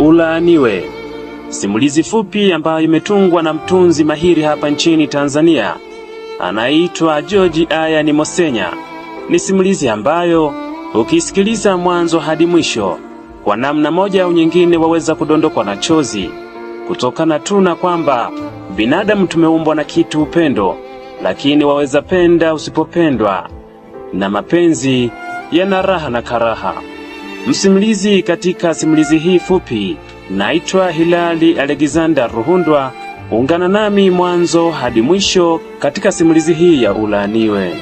ulaaniwe. Simulizi fupi ambayo imetungwa na mtunzi mahiri hapa nchini Tanzania anaitwa George ni Mosenya. Ni simulizi ambayo ukisikiliza mwanzo hadi mwisho, kwa namna moja au nyingine, waweza kudondokwa na chozi kutokana tu na kwamba binadamu tumeumbwa na kitu upendo, lakini waweza penda usipopendwa, na mapenzi yana raha na karaha. Msimulizi katika simulizi hii fupi naitwa Hilali Alexander Ruhundwa. Ungana nami mwanzo hadi mwisho katika simulizi hii ya Ulaaniwe.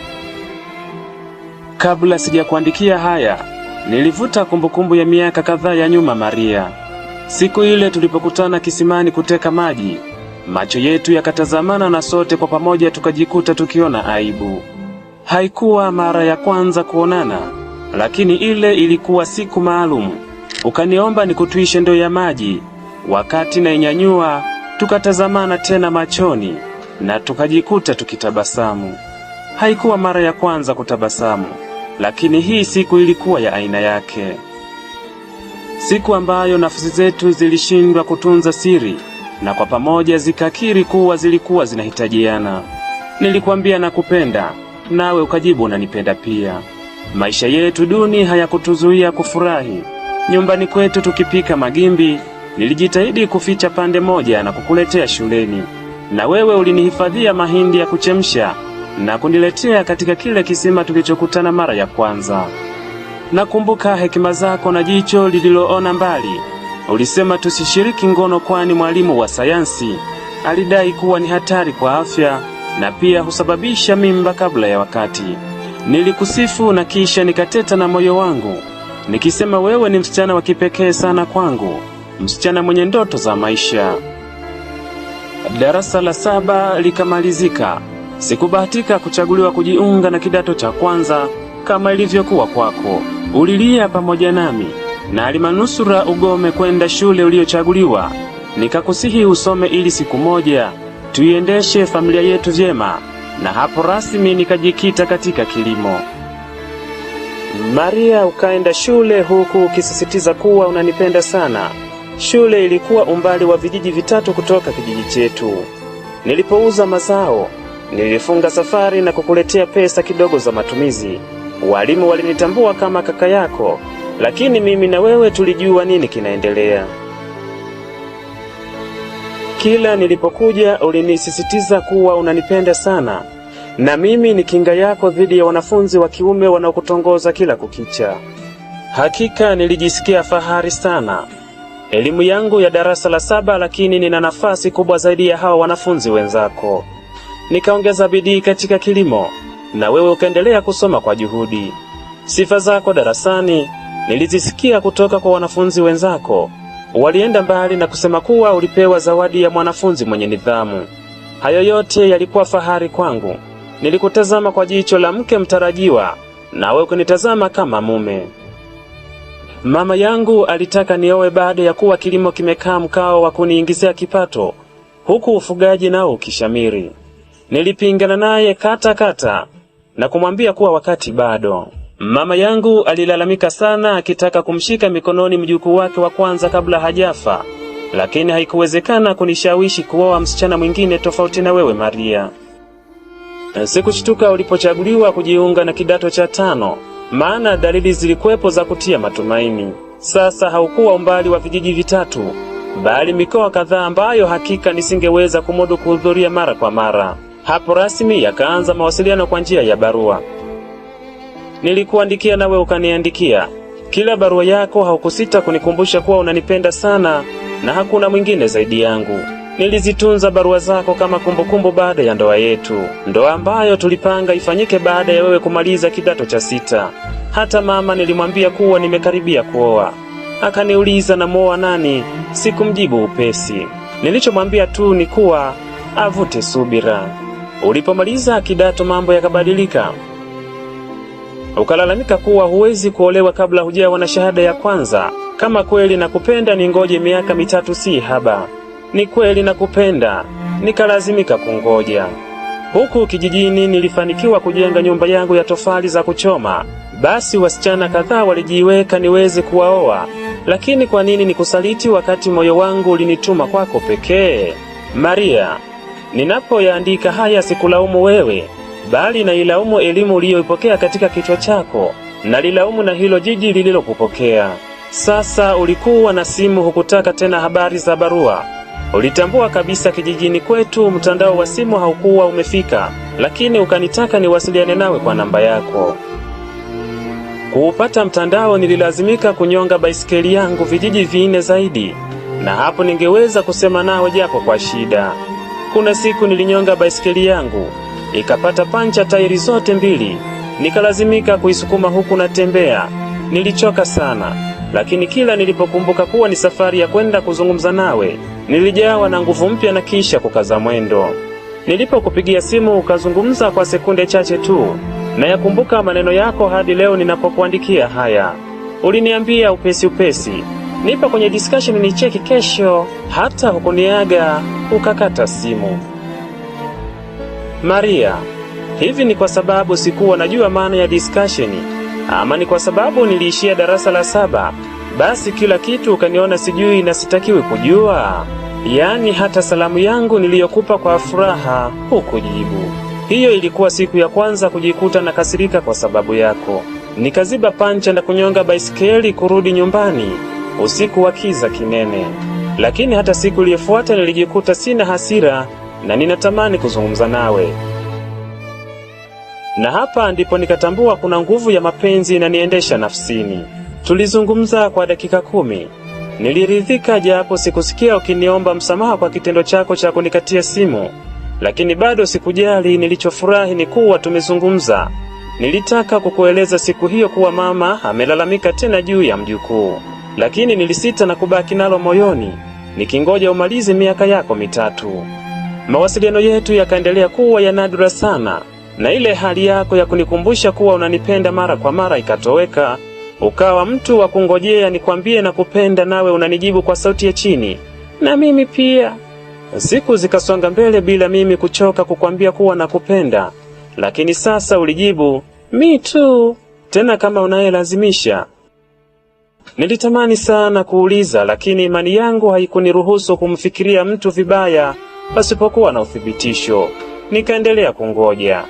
Kabla sijakuandikia haya, nilivuta kumbukumbu ya miaka kadhaa ya nyuma, Maria. Siku ile tulipokutana kisimani kuteka maji, macho yetu yakatazamana na sote kwa pamoja tukajikuta tukiona aibu. Haikuwa mara ya kwanza kuonana lakini ile ilikuwa siku maalumu. Ukaniomba nikutwishe ndoo ya maji, wakati nainyanyua tukatazamana tena machoni na tukajikuta tukitabasamu. Haikuwa mara ya kwanza kutabasamu, lakini hii siku ilikuwa ya aina yake, siku ambayo nafsi zetu zilishindwa kutunza siri na kwa pamoja zikakiri kuwa zilikuwa zinahitajiana. Nilikwambia nakupenda, nawe ukajibu unanipenda pia. Maisha yetu duni hayakutuzuia kufurahi. Nyumbani kwetu tukipika magimbi, nilijitahidi kuficha pande moja na kukuletea shuleni, na wewe ulinihifadhia mahindi ya kuchemsha na kuniletea katika kile kisima tulichokutana mara ya kwanza. Nakumbuka hekima zako na jicho lililoona mbali. Ulisema tusishiriki ngono, kwani mwalimu wa sayansi alidai kuwa ni hatari kwa afya na pia husababisha mimba kabla ya wakati. Nilikusifu na kisha nikateta na moyo wangu nikisema, wewe ni msichana wa kipekee sana kwangu, msichana mwenye ndoto za maisha. Darasa la saba likamalizika. Sikubahatika kuchaguliwa kujiunga na kidato cha kwanza kama ilivyokuwa kwako. Ulilia pamoja nami na alimanusura ugome kwenda shule uliyochaguliwa. Nikakusihi usome ili siku moja tuiendeshe familia yetu vyema na hapo rasmi nikajikita katika kilimo. Maria, ukaenda shule huku ukisisitiza kuwa unanipenda sana. Shule ilikuwa umbali wa vijiji vitatu kutoka kijiji chetu. Nilipouza mazao, nilifunga safari na kukuletea pesa kidogo za matumizi. Walimu walinitambua kama kaka yako, lakini mimi na wewe tulijua nini kinaendelea. Kila nilipokuja ulinisisitiza kuwa unanipenda sana, na mimi ni kinga yako dhidi ya wanafunzi wa kiume wanaokutongoza kila kukicha. Hakika nilijisikia fahari sana. Elimu yangu ya darasa la saba, lakini nina nafasi kubwa zaidi ya hawa wanafunzi wenzako. Nikaongeza bidii katika kilimo na wewe ukaendelea kusoma kwa juhudi. Sifa zako darasani nilizisikia kutoka kwa wanafunzi wenzako Walienda mbali na kusema kuwa ulipewa zawadi ya mwanafunzi mwenye nidhamu. Hayo yote yalikuwa fahari kwangu. Nilikutazama kwa jicho la mke mtarajiwa, nawe kunitazama kama mume. Mama yangu alitaka niowe baada ya kuwa kilimo kimekaa mkao wa kuniingizia kipato, huku ufugaji nao ukishamiri. Nilipingana naye kata kata na kumwambia kuwa wakati bado. Mama yangu alilalamika sana akitaka kumshika mikononi mjukuu wake wa kwanza kabla hajafa, lakini haikuwezekana kunishawishi kuoa msichana mwingine tofauti na wewe Maria. Sikushtuka ulipochaguliwa kujiunga na kidato cha tano, maana dalili zilikuwepo za kutia matumaini. Sasa haukuwa umbali wa vijiji vitatu, bali mikoa kadhaa ambayo hakika nisingeweza kumudu kuhudhuria mara kwa mara. Hapo rasmi yakaanza mawasiliano kwa njia ya barua. Nilikuandikia nawe ukaniandikia. Kila barua yako haukusita kunikumbusha kuwa unanipenda sana na hakuna mwingine zaidi yangu. Nilizitunza barua zako kama kumbukumbu baada ya ndoa yetu, ndoa ambayo tulipanga ifanyike baada ya wewe kumaliza kidato cha sita. Hata mama nilimwambia kuwa nimekaribia kuoa, akaniuliza namwoa nani? Sikumjibu upesi. Nilichomwambia tu ni kuwa avute subira. Ulipomaliza kidato, mambo yakabadilika ukalalamika kuwa huwezi kuolewa kabla hujawa na shahada ya kwanza. Kama kweli nakupenda, ningoje miaka mitatu, si haba. Ni kweli nakupenda, nikalazimika kungoja. Huku kijijini nilifanikiwa kujenga nyumba yangu ya tofali za kuchoma. Basi wasichana kadhaa walijiweka niweze kuwaoa, lakini kwa nini nikusaliti wakati moyo wangu ulinituma kwako pekee? Maria, ninapoyaandika haya sikulaumu wewe, bali nailaumu elimu uliyoipokea katika kichwa chako, na lilaumu na hilo jiji lililokupokea. Sasa ulikuwa na simu, hukutaka tena habari za barua. Ulitambua kabisa kijijini kwetu mtandao wa simu haukuwa umefika, lakini ukanitaka niwasiliane nawe kwa namba yako. Kuupata mtandao, nililazimika kunyonga baisikeli yangu vijiji vinne zaidi, na hapo ningeweza kusema nawe japo kwa shida. Kuna siku nilinyonga baisikeli yangu ikapata pancha tairi zote mbili, nikalazimika kuisukuma huku na tembea. Nilichoka sana, lakini kila nilipokumbuka kuwa ni safari ya kwenda kuzungumza nawe, nilijawa na nguvu mpya na kisha kukaza mwendo. Nilipokupigia simu ukazungumza kwa sekunde chache tu, na yakumbuka maneno yako hadi leo ninapokuandikia haya. Uliniambia upesi upesi, nipa kwenye discussion cheki kesho, hata hukuniaga ukakata simu. Maria, hivi ni kwa sababu sikuwa najua maana ya discussion ama ni kwa sababu niliishia darasa la saba, basi kila kitu ukaniona sijui na sitakiwi kujua? Yaani hata salamu yangu niliyokupa kwa furaha hukujibu. Hiyo ilikuwa siku ya kwanza kujikuta na kasirika kwa sababu yako. Nikaziba pancha na kunyonga baisikeli kurudi nyumbani usiku wa kiza kinene, lakini hata siku iliyofuata nilijikuta sina hasira na ninatamani kuzungumza nawe. Na hapa ndipo nikatambua kuna nguvu ya mapenzi inaniendesha nafsini. Tulizungumza kwa dakika kumi. Niliridhika japo sikusikia ukiniomba msamaha kwa kitendo chako cha kunikatia simu, lakini bado sikujali. Nilichofurahi ni kuwa tumezungumza. Nilitaka kukueleza siku hiyo kuwa mama amelalamika tena juu ya mjukuu, lakini nilisita na kubaki nalo moyoni nikingoja umalize miaka yako mitatu. Mawasiliano yetu yakaendelea kuwa ya nadra sana, na ile hali yako ya kunikumbusha kuwa unanipenda mara kwa mara ikatoweka. Ukawa mtu wa kungojea nikwambie na kupenda, nawe unanijibu kwa sauti ya chini, na mimi pia. Siku zikasonga mbele bila mimi kuchoka kukwambia kuwa nakupenda, lakini sasa ulijibu mi tu, tena kama unayelazimisha. Nilitamani sana kuuliza, lakini imani yangu haikuniruhusu kumfikiria mtu vibaya pasipokuwa na uthibitisho. Nikaendelea kungoja.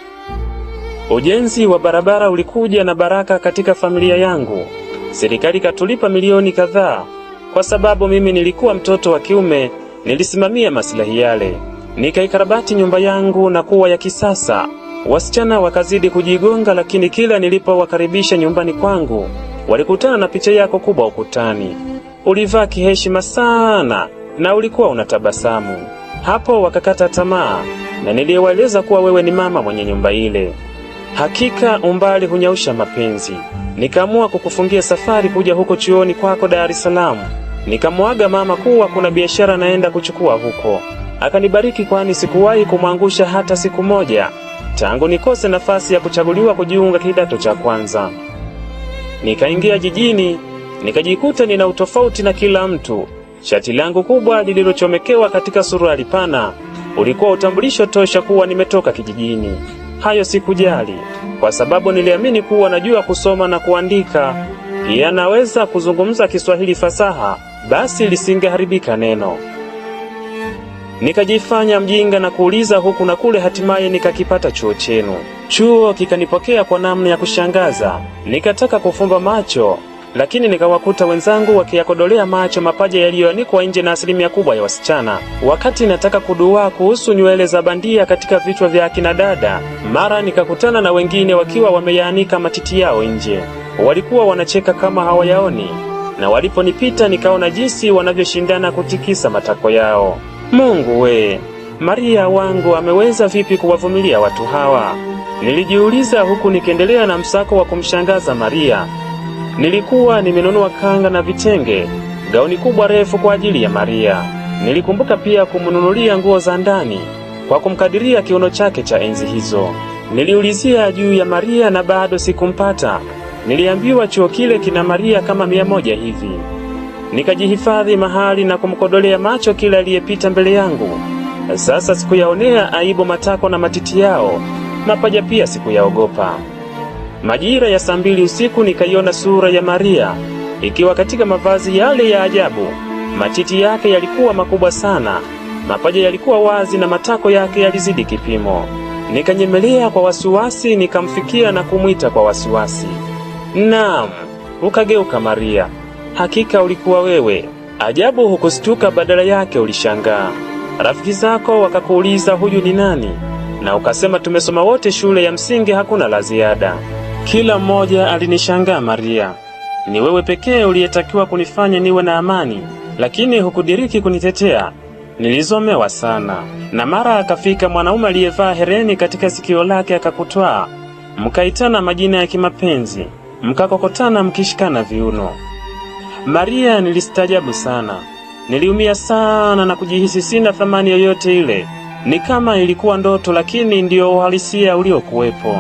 Ujenzi wa barabara ulikuja na baraka katika familia yangu. Serikali katulipa milioni kadhaa. Kwa sababu mimi nilikuwa mtoto wa kiume, nilisimamia masilahi yale. Nikaikarabati nyumba yangu na kuwa ya kisasa. Wasichana wakazidi kujigonga, lakini kila nilipowakaribisha nyumbani kwangu walikutana na picha yako kubwa ukutani. Ulivaa kiheshima sana na ulikuwa unatabasamu. Hapo wakakata tamaa, na niliwaeleza kuwa wewe ni mama mwenye nyumba ile. Hakika umbali hunyausha mapenzi. Nikaamua kukufungia safari kuja huko chuoni kwako Dar es Salaam. Nikamwaga mama kuwa kuna biashara naenda kuchukua huko. Akanibariki kwani sikuwahi kumwangusha hata siku moja tangu nikose nafasi ya kuchaguliwa kujiunga kidato cha kwanza. Nikaingia jijini nikajikuta nina utofauti na kila mtu. Shati langu kubwa lililochomekewa katika suruali pana ulikuwa utambulisho tosha kuwa nimetoka kijijini. Hayo sikujali kwa sababu niliamini kuwa najua kusoma na kuandika, pia naweza kuzungumza Kiswahili fasaha, basi lisingeharibika neno. Nikajifanya mjinga na kuuliza huku na kule, hatimaye nikakipata chuo chenu. Chuo kikanipokea kwa namna ya kushangaza, nikataka kufumba macho lakini nikawakuta wenzangu wakiyakodolea macho mapaja yaliyoanikwa nje na asilimia kubwa ya wasichana. Wakati nataka kudua kuhusu nywele za bandia katika vichwa vya akina dada, mara nikakutana na wengine wakiwa wameyaanika matiti yao nje. Walikuwa wanacheka kama hawayaoni, na waliponipita nikaona jinsi wanavyoshindana kutikisa matako yao. Mungu we, Maria wangu ameweza vipi kuwavumilia watu hawa? Nilijiuliza huku nikiendelea na msako wa kumshangaza Maria. Nilikuwa nimenunua kanga na vitenge, gauni kubwa refu kwa ajili ya Maria. Nilikumbuka pia kumnunulia nguo za ndani kwa kumkadiria kiuno chake cha enzi hizo. Niliulizia juu ya Maria na bado sikumpata. Niliambiwa chuo kile kina Maria kama mia moja hivi. Nikajihifadhi mahali na kumkodolea macho kila aliyepita mbele yangu. Sasa sikuyaonea aibu matako na matiti yao, mapaja pia sikuyaogopa. Majira ya saa mbili usiku nikaiona sura ya Maria ikiwa katika mavazi yale ya ajabu. Matiti yake yalikuwa makubwa sana, mapaja yalikuwa wazi na matako yake yalizidi kipimo. Nikanyemelea kwa wasiwasi, nikamfikia na kumwita kwa wasiwasi, naam, ukageuka Maria, hakika ulikuwa wewe. Ajabu, hukustuka, badala yake ulishangaa. Rafiki zako wakakuuliza huyu ni nani, na ukasema tumesoma wote shule ya msingi, hakuna la ziada. Kila mmoja alinishangaa. Maria, ni wewe pekee uliyetakiwa kunifanya niwe na amani, lakini hukudiriki kunitetea. Nilizomewa sana. Na mara akafika mwanaume aliyevaa hereni katika sikio lake akakutwaa, mkaitana majina ya kimapenzi, mkakokotana mkishikana viuno. Maria, nilistajabu sana, niliumia sana na kujihisi sina thamani yoyote ile. Ni kama ilikuwa ndoto, lakini ndiyo uhalisia uliokuwepo.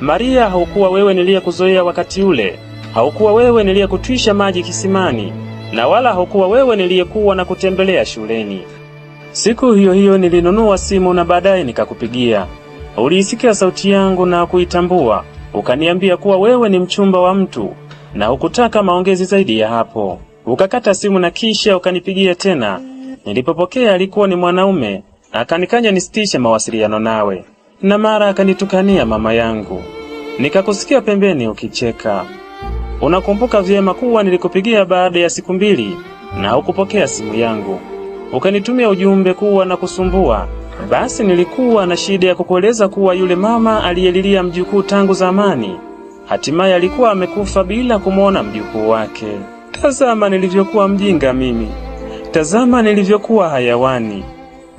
Maria, haukuwa wewe niliyekuzoea wakati ule, haukuwa wewe niliyekutwisha maji kisimani, na wala haukuwa wewe niliyekuwa na kutembelea shuleni. Siku hiyo hiyo nilinunua simu na baadaye nikakupigia. Uliisikia sauti yangu na kuitambua, ukaniambia kuwa wewe ni mchumba wa mtu na hukutaka maongezi zaidi ya hapo. Ukakata simu na kisha ukanipigia tena. Nilipopokea alikuwa ni mwanaume, akanikanya nisitishe mawasiliano nawe na mara akanitukania mama yangu. Nikakusikia pembeni ukicheka. Unakumbuka vyema kuwa nilikupigia baada ya siku mbili na hukupokea simu yangu, ukanitumia ujumbe kuwa na kusumbua. Basi nilikuwa na shida ya kukueleza kuwa yule mama aliyelilia mjukuu tangu zamani hatimaye alikuwa amekufa bila kumwona mjukuu wake. Tazama nilivyokuwa mjinga mimi, tazama nilivyokuwa hayawani.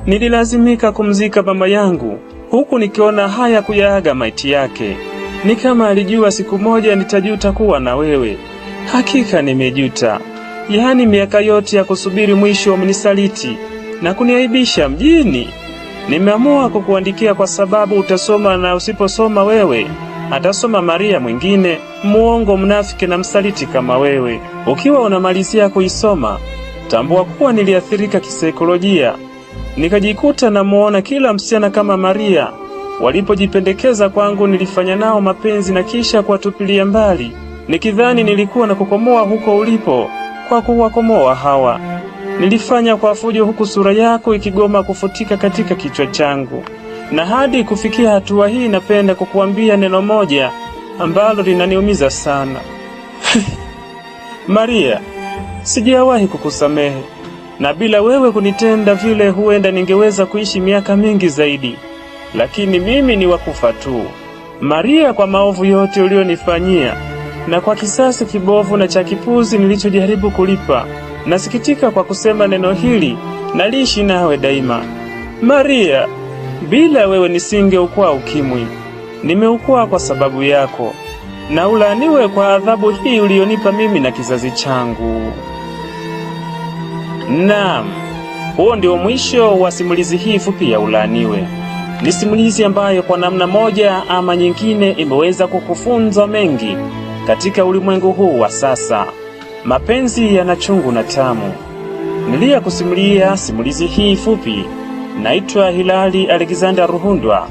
Nililazimika kumzika mama yangu huku nikiona haya kuyaaga maiti yake. Ni kama alijua siku moja nitajuta kuwa na wewe. Hakika nimejuta, yaani miaka yote ya kusubiri mwisho umenisaliti na kuniaibisha mjini. Nimeamua kukuandikia kwa sababu utasoma, na usiposoma wewe atasoma Maria mwingine muongo, mnafiki na msaliti kama wewe. Ukiwa unamalizia kuisoma, tambua kuwa niliathirika kisaikolojia nikajikuta namuona kila msichana kama Maria. Walipojipendekeza kwangu, nilifanya nao mapenzi na kisha kuwatupilia mbali, nikidhani nilikuwa na kukomoa huko ulipo. Kwa kuwakomoa hawa nilifanya kwa fujo, huku sura yako ikigoma kufutika katika kichwa changu. Na hadi kufikia hatua hii, napenda kukuambia neno moja ambalo linaniumiza sana Maria, sijawahi kukusamehe na bila wewe kunitenda vile, huenda ningeweza kuishi miaka mingi zaidi, lakini mimi ni wakufa tu. Maria, kwa maovu yote ulionifanyia na kwa kisasi kibovu na cha kipuzi nilichojaribu kulipa, nasikitika kwa kusema neno hili, naliishi nawe daima. Maria, bila wewe nisingeukwaa ukimwi, nimeukwaa kwa sababu yako, na ulaaniwe kwa adhabu hii ulionipa mimi na kizazi changu. Naam, huo ndio mwisho wa simulizi hii fupi ya Ulaaniwe. Ni simulizi ambayo kwa namna moja ama nyingine imeweza kukufunza mengi katika ulimwengu huu wa sasa. Mapenzi yana chungu na tamu. kusimulia simulizi hii fupi, naitwa Hilali Alexander Ruhundwa.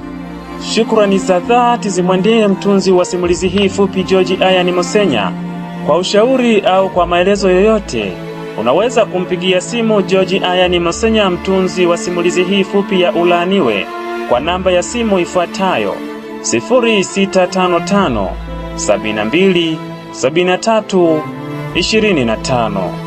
Shukrani za dhati zimwendee mtunzi wa simulizi hii fupi George Ayani Mosenya kwa ushauri au kwa maelezo yoyote. Unaweza kumpigia simu George Ayani Masenya, mtunzi wa simulizi hii fupi ya Ulaaniwe, kwa namba ya simu ifuatayo: 0655 72 73 25.